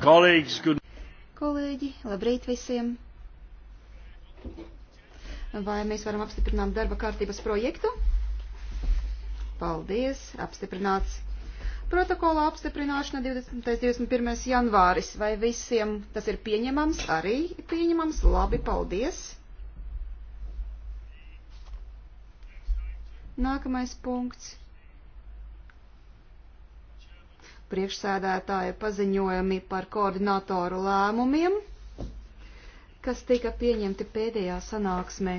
Kolēģis, good... Kolēģi, labrīt visiem! Vai mēs varam apstiprināt darba kārtības projektu? Paldies, apstiprināts. Protokola apstiprināšana 20. 21. janvāris. Vai visiem tas ir pieņemams? Arī pieņemams. Labi, paldies. Nākamais punkts priekšsēdētāja paziņojumi par koordinatoru lēmumiem, kas tika pieņemti pēdējā sanāksmē.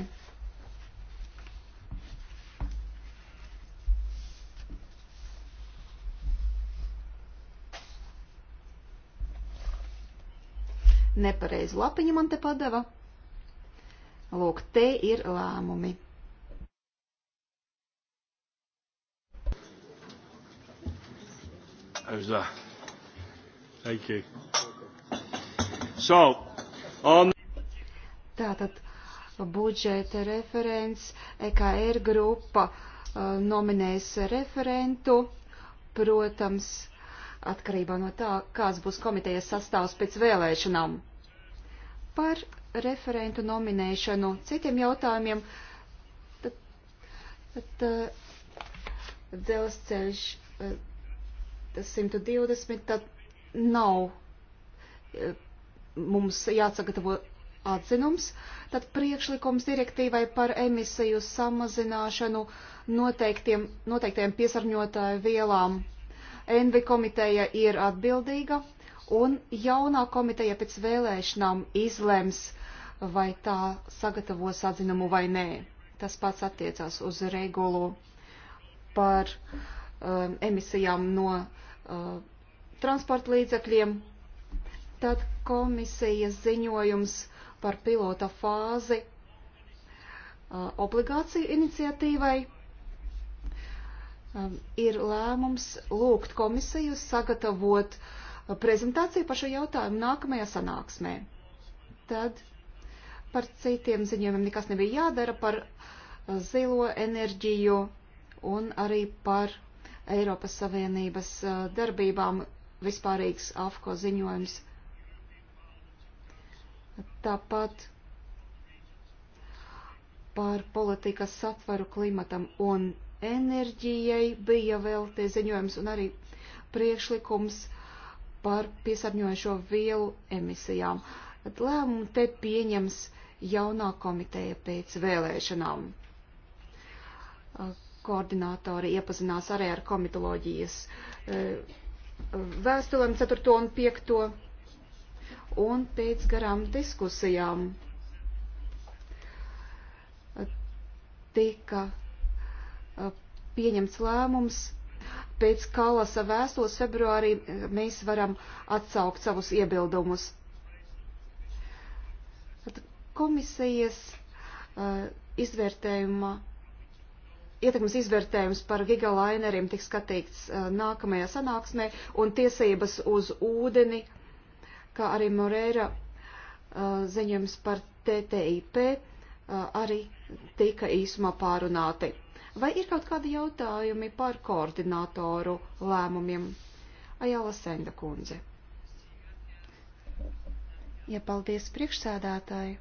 Nepareizu lapiņu man te padeva. Lūk, te ir lēmumi. How's that? Thank you. So, on... Tātad budžeta referents EKR grupa uh, nominēs referentu. Protams, atkarībā no tā, kāds būs komitejas sastāvs pēc vēlēšanām. Par referentu nominēšanu citiem jautājumiem, tad, tad uh, dzelzceļš. Uh, 120, tad nav e, mums jāsagatavo atzinums, tad priekšlikums direktīvai par emisiju samazināšanu noteiktiem, noteiktiem piesarņotāju vielām. Envi komiteja ir atbildīga, un jaunā komiteja pēc vēlēšanām izlems, vai tā sagatavos atzinumu vai nē. Tas pats attiecās uz regulu par uh, um, emisijām no uh, transporta līdzekļiem. Tad komisijas ziņojums par pilota fāzi uh, obligāciju iniciatīvai um, ir lēmums lūgt komisiju sagatavot uh, prezentāciju par šo jautājumu nākamajā sanāksmē. Tad par citiem ziņojumiem nekas nebija jādara par uh, zilo enerģiju un arī par Eiropas Savienības uh, darbībām vispārīgs AFCO ziņojums. Tāpat par politikas satvaru klimatam un enerģijai bija vēl tie ziņojums un arī priekšlikums par piesārņojošo vielu emisijām. Lēmumu te pieņems jaunā komiteja pēc vēlēšanām koordinātori iepazinās arī ar komitoloģijas e, vēstulēm 4. un 5. un pēc garām diskusijām tika e, pieņemts lēmums. Pēc Kalasa vēstules februārī e, mēs varam atsaukt savus iebildumus. Komisijas izvērtējuma ietekmes izvērtējums par gigalaineriem tiks skatīts uh, nākamajā sanāksmē un tiesības uz ūdeni, kā arī Moreira uh, ziņojums par TTIP uh, arī tika īsumā pārunāti. Vai ir kaut kādi jautājumi par koordinātoru lēmumiem? Ajala Senda kundze. Ja paldies priekšsēdētāji.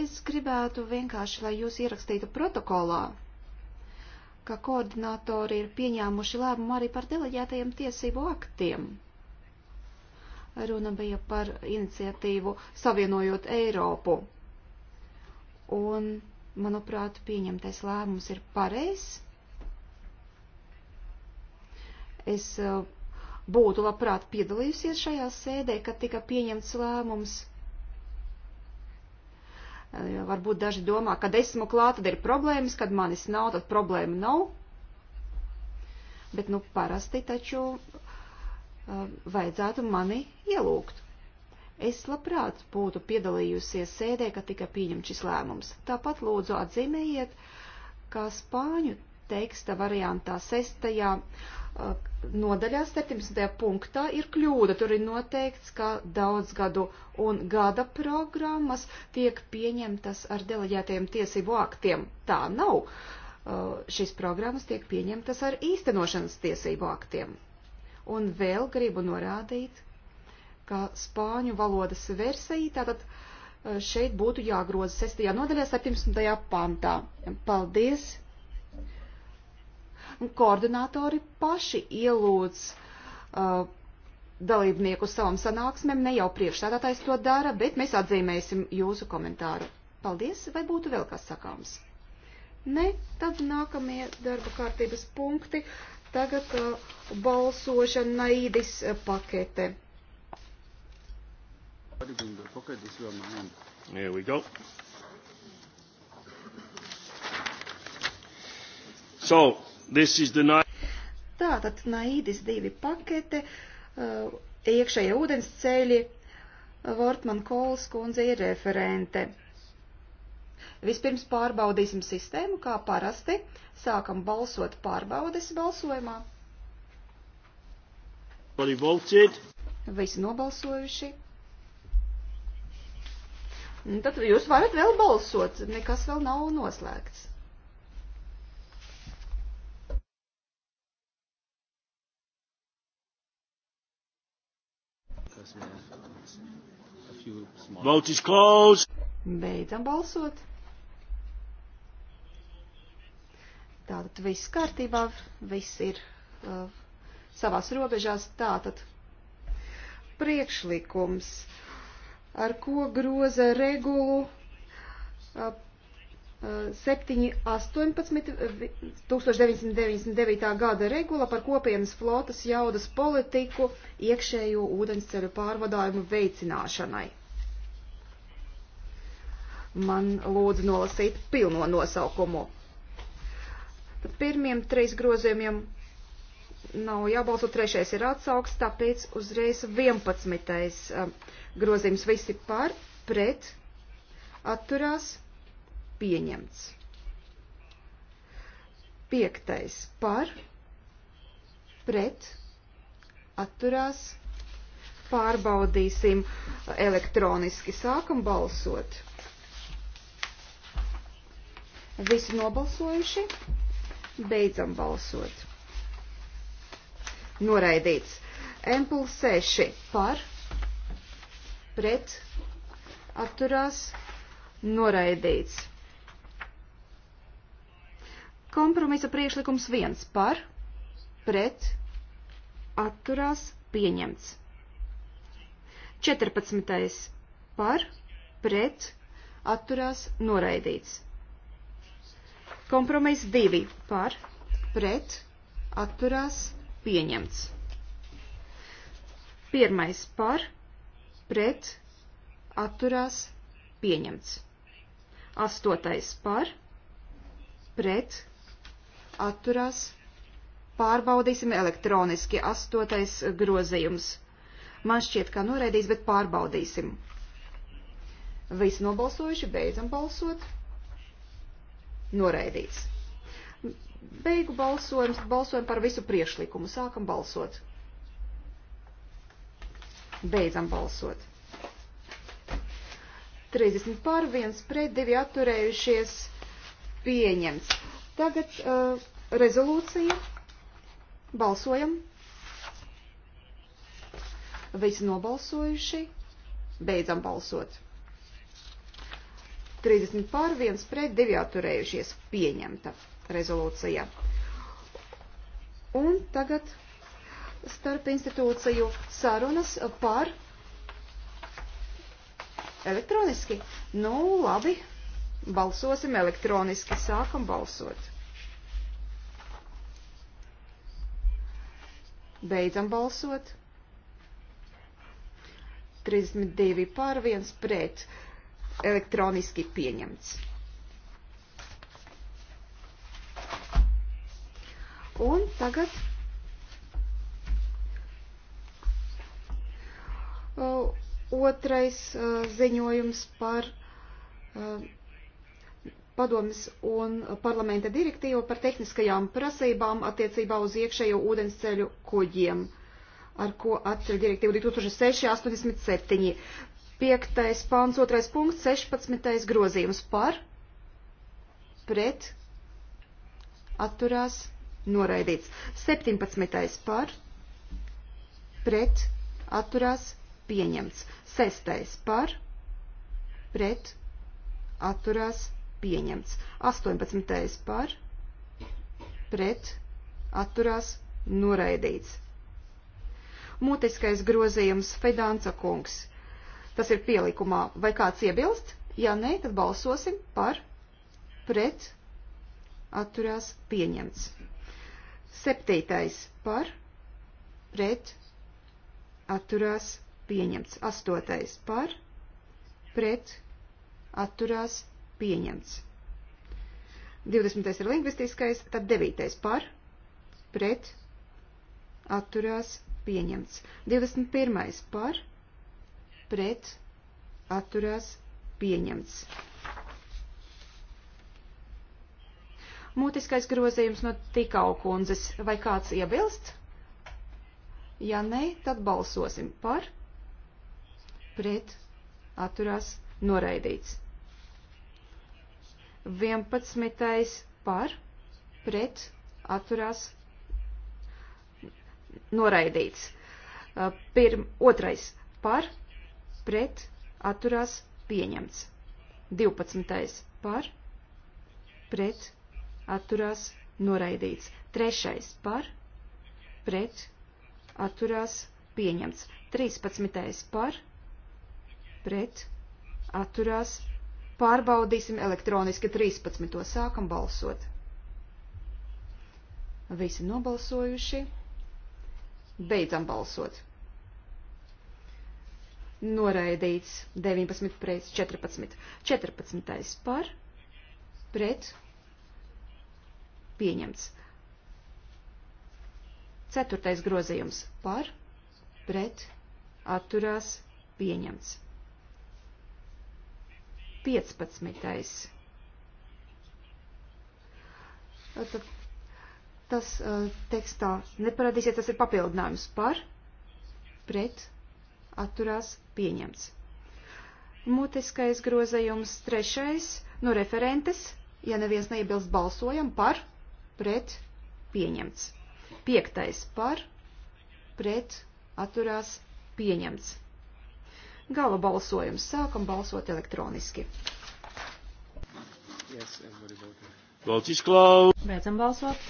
Es gribētu vienkārši, lai jūs ierakstītu protokolā, ka koordinatori ir pieņēmuši lēmumu arī par deleģētajiem tiesību aktiem. Runa bija par iniciatīvu Savienojot Eiropu. Un, manuprāt, pieņemtais lēmums ir pareizs. Es uh, būtu labprāt piedalījusies šajā sēdē, kad tika pieņemts lēmums Eh, varbūt daži domā, kad esmu klāt, tad ir problēmas, kad manis nav, tad problēma nav. Bet, nu, parasti taču eh, vajadzētu mani ielūgt. Es labprāt būtu piedalījusies sēdē, kad tika pieņemts šis lēmums. Tāpat lūdzu atzīmējiet, kā spāņu teksta variantā sestajā uh, nodaļā 17. punktā ir kļūda. Tur ir noteikts, ka daudzgadu un gada programmas tiek pieņemtas ar deleģētajiem tiesību aktiem. Tā nav. Uh, šīs programmas tiek pieņemtas ar īstenošanas tiesību aktiem. Un vēl gribu norādīt, ka spāņu valodas versija tātad uh, šeit būtu jāgroza 6. nodaļā 17. pantā. Paldies! Koordinātori paši ielūdz uh, dalībnieku savam sanāksmēm, ne jau priekšstādātais to dara, bet mēs atzīmēsim jūsu komentāru. Paldies, vai būtu vēl kas sakāms? Ne, tad nākamie darba kārtības punkti. Tagad uh, balsošana naidis uh, pakete. Here we go. So, Tātad Naīdis divi pakete, uh, iekšējie ūdens ceļi, Vortman Kols kundze ir referente. Vispirms pārbaudīsim sistēmu, kā parasti, sākam balsot pārbaudes balsojumā. Visi nobalsojuši. Un tad jūs varat vēl balsot, nekas vēl nav noslēgts. Vote is closed. Beidzam balsot. Tātad viss kārtībā, viss ir uh, savās robežās. Tātad priekšlikums, ar ko groza regulu uh, 718. 1999. gada regula par kopienas flotas jaudas politiku iekšējo ūdensceļu pārvadājumu veicināšanai. Man lūdzu nolasīt pilno nosaukumu. Tad pirmiem trīs grozījumiem nav jābalso, trešais ir atsauks, tāpēc uzreiz 11. Um, grozījums visi par, pret, atturās pieņemts. Piektais par, pret, atturās, pārbaudīsim elektroniski, sākam balsot. Visi nobalsojuši, beidzam balsot. Noraidīts. Empul 6 par, pret, atturās, noraidīts. Kompromisa priekšlikums viens par, pret, atturās, pieņemts. 14. par, pret, atturās, noraidīts. Kompromiss 2 par, pret, atturās, pieņemts. Pirmais par, pret, atturās, pieņemts. Astotais par, pret, atturās, pieņemts atturās. Pārbaudīsim elektroniski. Astotais grozījums. Man šķiet, ka noraidīs, bet pārbaudīsim. Visi nobalsojuši, beidzam balsot. Noraidīts. Beigu balsojums, balsojam par visu priešlikumu. Sākam balsot. Beidzam balsot. 30 pār 1 pret 2 atturējušies pieņemts. Tagad uh, rezolūcija. Balsojam. Visi nobalsojuši. Beidzam balsot. 30 pār, 1 pret, 2 atturējušies. Pieņemta rezolūcija. Un tagad starp institūciju sarunas par elektroniski. Nu, labi. Balsosim elektroniski, sākam balsot. Beidzam balsot. 32 pār 1 pret elektroniski pieņemts. Un tagad uh, otrais uh, ziņojums par uh, padomas un parlamenta direktīvu par tehniskajām prasībām attiecībā uz iekšējo ūdensceļu kuģiem, ar ko atceļ direktīvu 2006-87. 5. pāns, 2. punkts, 16. grozījums par, pret, atturās, noraidīts. 17. par, pret, atturās, pieņemts. 6. par, pret, atturās, pieņemts pieņemts. 18. par, pret, atturās, noraidīts. Mutiskais grozījums Fedanca kungs. Tas ir pielikumā. Vai kāds iebilst? Ja nē, tad balsosim par, pret, atturās, pieņemts. Septītais par, pret, atturās, pieņemts. Astotais par, pret, atturās, pieņemts. 20. ir lingvistiskais, tad 9. par, pret, atturās, pieņemts. 21. par, pret, atturās, pieņemts. Mūtiskais grozījums no tikau kundzes. Vai kāds iebilst? Ja nē, tad balsosim par, pret, atturās, noraidīts. 11. par, pret, atturās, noraidīts. Pirm, otrais par, pret, atturās, pieņemts. 12. par, pret, atturās, noraidīts. Trešais par, pret, atturās, pieņemts. 13. par, pret, atturās, pieņemts Pārbaudīsim elektroniski 13. sākam balsot. Visi nobalsojuši. Beidzam balsot. Noraidīts 19 pret 14. 14. par pret pieņemts. Ceturtais grozījums par pret atturās pieņemts. 15. Tad, tas tekstā neparādīsies, tas ir papildinājums par, pret, atturās, pieņemts. Mutiskais grozējums trešais no referentes, ja neviens neiebilst balsojam par, pret, pieņemts. Piektais par, pret, atturās, pieņemts. Gala balsojums. Sākam balsot elektroniski. Yes, Beidzam balsot.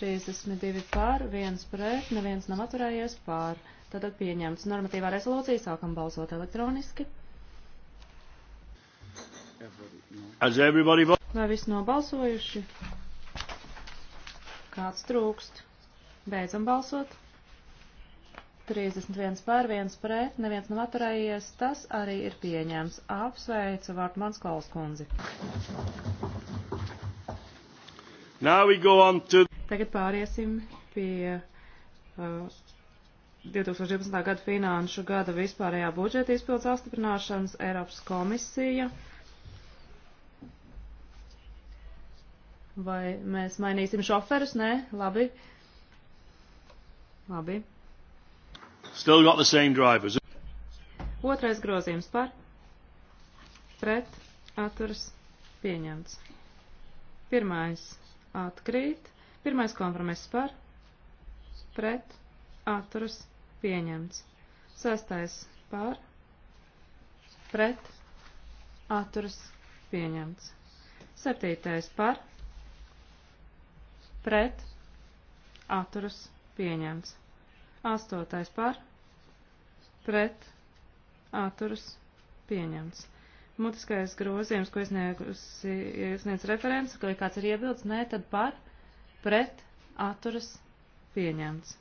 32 pār, 1 pret, neviens nav atturējies pār. Tātad pieņemts normatīvā rezolūcija, sākam balsot elektroniski. Vai viss nobalsojuši? Kāds trūkst? Beidzam balsot. 31 pār 1 pret, neviens nav atturējies, tas arī ir pieņēmts. Apsveicu Vārtmans Kols kundzi. To... Tagad pāriesim pie uh, 2012. gada finanšu gada vispārējā budžeta izpildes apstiprināšanas Eiropas komisija. Vai mēs mainīsim šoferus? Nē, labi. Labi. Still got the same drivers. Otrais grozījums par, pret, atturas, pieņemts. Pirmais atkrīt, pirmais kompromiss par, pret, atturas, pieņemts. Sestais par, pret, atturas, pieņemts. Septītais par, pret, atturas, pieņemts. Astotais par, pret, atturas, pieņemts. Mutiskais grozījums, ko iesniedz referents, ka kāds ir iebilds, nē, tad par, pret, atturas, pieņemts.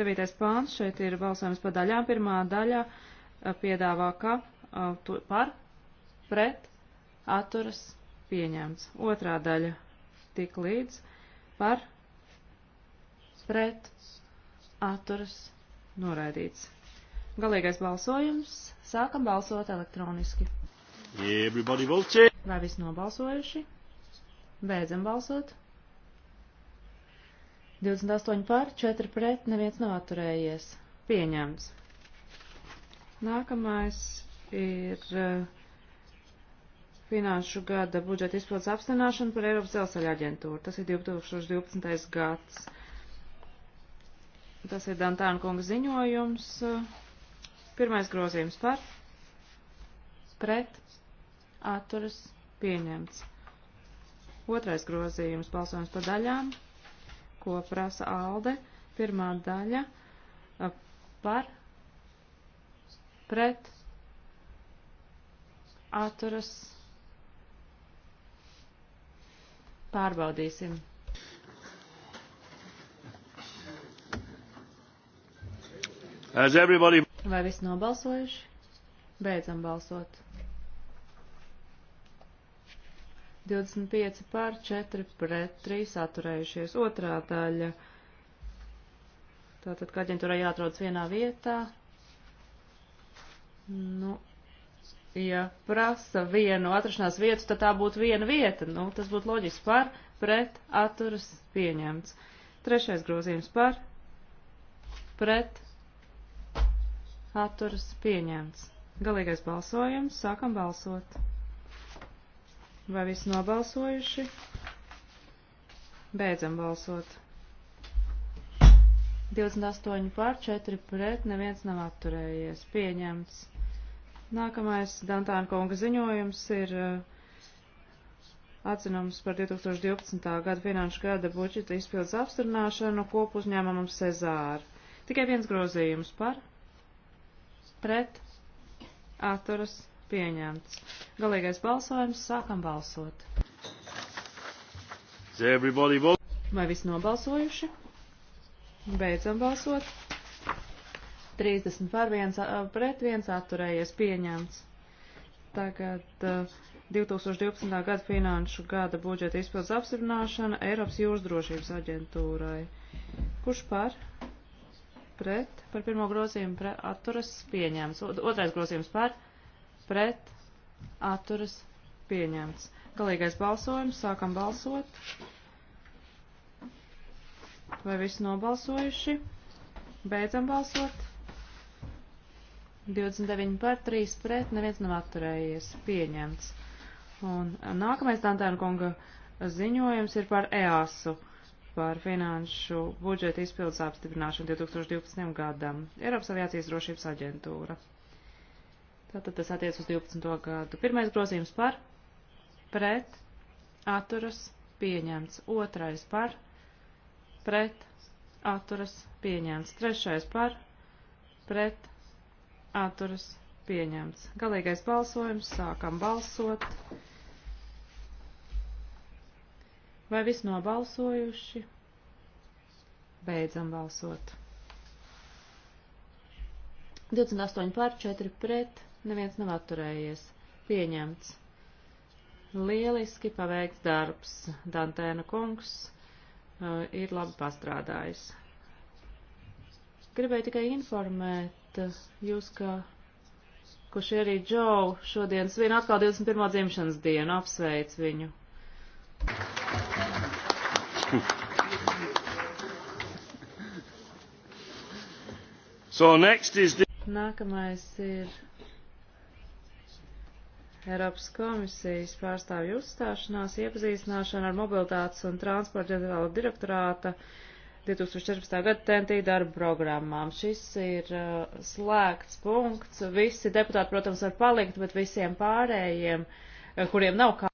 Devītais pāns, šeit ir balsojums pa daļām. Pirmā daļa piedāvā, ka par, pret, atturas, pieņemts. Otrā daļa tik līdz par, pret, atturas noraidīts. Galīgais balsojums. Sākam balsot elektroniski. Vai viss nobalsojuši? Beidzam balsot. 28 pār, 4 pret, neviens nav atturējies. Pieņemts. Nākamais ir eh, finanšu gada budžeta izpildes apstiprināšana par Eiropas dzelzceļa aģentūru. Tas ir 2012. gads. Tas ir Dantāna kunga ziņojums. Pirmais grozījums par, pret, atturas, pieņemts. Otrais grozījums balsojums par daļām, ko prasa Alde. Pirmā daļa par, pret, atturas, pārbaudīsim. Everybody... Vai viss nobalsojuši? Beidzam balsot. 25 pār 4 pret 3 atturējušies. Otrā daļa. Tātad, ka aģentūrai jāatrodas vienā vietā. Nu, ja prasa vienu atrašanās vietu, tad tā būtu viena vieta. Nu, tas būtu loģiski par, pret, atturas, pieņemts. Trešais grozījums par, pret, atturas pieņemts. Galīgais balsojums, sākam balsot. Vai visi nobalsojuši? Beidzam balsot. 28 pār 4 pret, neviens nav atturējies. Pieņemts. Nākamais Dantāna kunga ziņojums ir uh, atzinums par 2012. gada finanšu gada budžeta izpildes apstrināšanu kopu uzņēmumam Cezāru. Tikai viens grozījums par pret atturas pieņemts. Galīgais balsojums, sākam balsot. Vai viss nobalsojuši? Beidzam balsot. 30 par 1 pret 1 atturējies pieņemts. Tagad uh, 2012. gada finanšu gada budžeta izpildes apstiprināšana Eiropas jūras drošības aģentūrai. Kurš par? pret, par pirmo grozījumu pre, atturas pieņemts. Otrais grozījums par, pret, atturas pieņemts. Galīgais balsojums, sākam balsot. Vai visi nobalsojuši? Beidzam balsot. 29 par 3 pret, neviens nav atturējies. Pieņemts. Un nākamais Dantēna kunga ziņojums ir par EASU par finanšu budžeta izpildes apstiprināšanu 2012. gadam. Eiropas aviācijas drošības aģentūra. Tātad tas attiec uz 12. gadu. Pirmais grozījums par, pret, atturas, pieņemts. Otrais par, pret, atturas, pieņemts. Trešais par, pret, atturas, pieņemts. Galīgais balsojums. Sākam balsot. Vai viss nobalsojuši? Beidzam balsot. 28 pār 4 pret, neviens nav atturējies. Pieņemts. Lieliski paveikts darbs. Dantēna kungs uh, ir labi pastrādājis. Gribēju tikai informēt uh, jūs, ka kurš arī Džou šodien svin atkal 21. dzimšanas dienu, apsveic viņu beaucoup. So next is the... Nākamais ir Eiropas komisijas pārstāvju uzstāšanās iepazīstināšana ar mobilitātes un transporta ģenerāla direktorāta 2014. gada TNT darba programmām. Šis ir uh, slēgts punkts. Visi deputāti, protams, var palikt, bet visiem pārējiem, uh, kuriem nav kā